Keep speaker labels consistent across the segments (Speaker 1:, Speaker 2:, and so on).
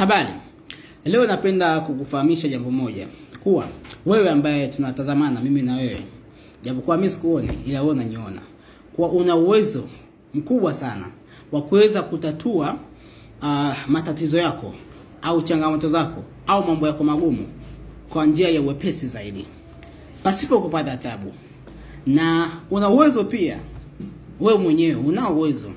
Speaker 1: Habari. Leo napenda kukufahamisha jambo moja kuwa wewe ambaye tunatazamana mimi na wewe, japokuwa mimi sikuone, ila wewe unaniona, kuwa una uwezo mkubwa sana wa kuweza kutatua uh, matatizo yako au changamoto zako au mambo yako magumu kwa njia ya uwepesi zaidi pasipo kupata tabu, na una uwezo pia wewe mwenyewe una uwezo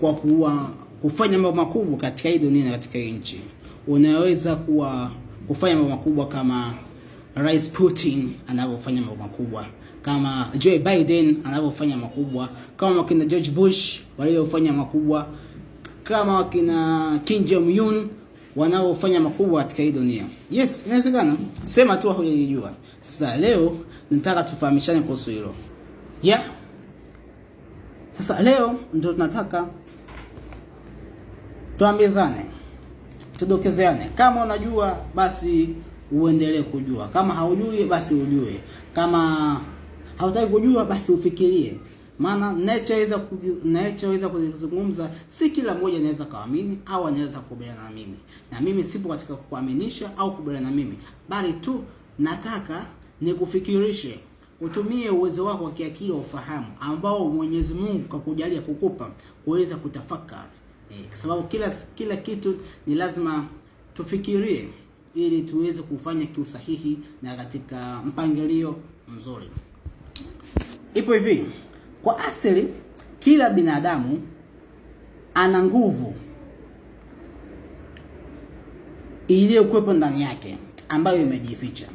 Speaker 1: kwa kuwa kufanya mambo makubwa katika hii dunia na katika hii nchi. Unaweza kuwa kufanya mambo makubwa kama Rais Putin anavyofanya mambo makubwa, kama Joe Biden anavyofanya makubwa, kama wakina George Bush waliofanya makubwa, kama wakina Kim Jong Un wanaofanya makubwa katika hii dunia. Yes, inawezekana, sema tu hujajijua. Sasa leo nataka tufahamishane kuhusu hilo. Yeah. Sasa leo ndio tunataka tuambizane, tudokezeane. Kama unajua basi uendelee kujua, kama haujui basi ujue, kama hautaki kujua basi ufikirie, maana ninachoweza kuzungumza si kila mmoja anaweza kaamini au anaweza kukubaliana na mimi, na mimi sipo katika kukuaminisha au kukubaliana na mimi, bali tu nataka nikufikirishe utumie uwezo wako wa kiakili wa ufahamu ambao Mwenyezi Mungu kakujalia kukupa kuweza kutafakari Eh, kwa sababu kila kila kitu ni lazima tufikirie ili tuweze kufanya kiusahihi na katika mpangilio mzuri. Ipo hivi, kwa asili kila binadamu ana nguvu iliyokuwepo ndani yake ambayo imejificha.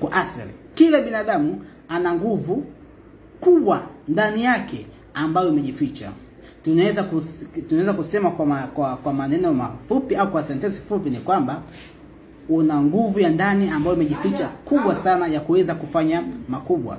Speaker 1: Kwa asili kila binadamu ana nguvu kubwa ndani yake ambayo imejificha tunaweza tunaweza kusema kwa, ma, kwa, kwa maneno mafupi au kwa sentensi fupi ni kwamba una nguvu ya ndani ambayo imejificha kubwa sana ya kuweza kufanya makubwa.